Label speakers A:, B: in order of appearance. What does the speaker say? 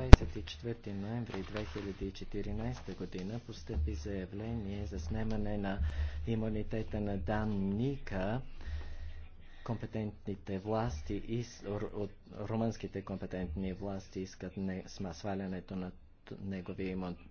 A: 24 ноември 2014 година постъпи заявление за снемане на имунитета на Дан Компетентните власти и от румънските компетентни власти искат не,
B: свалянето на неговия имунитет.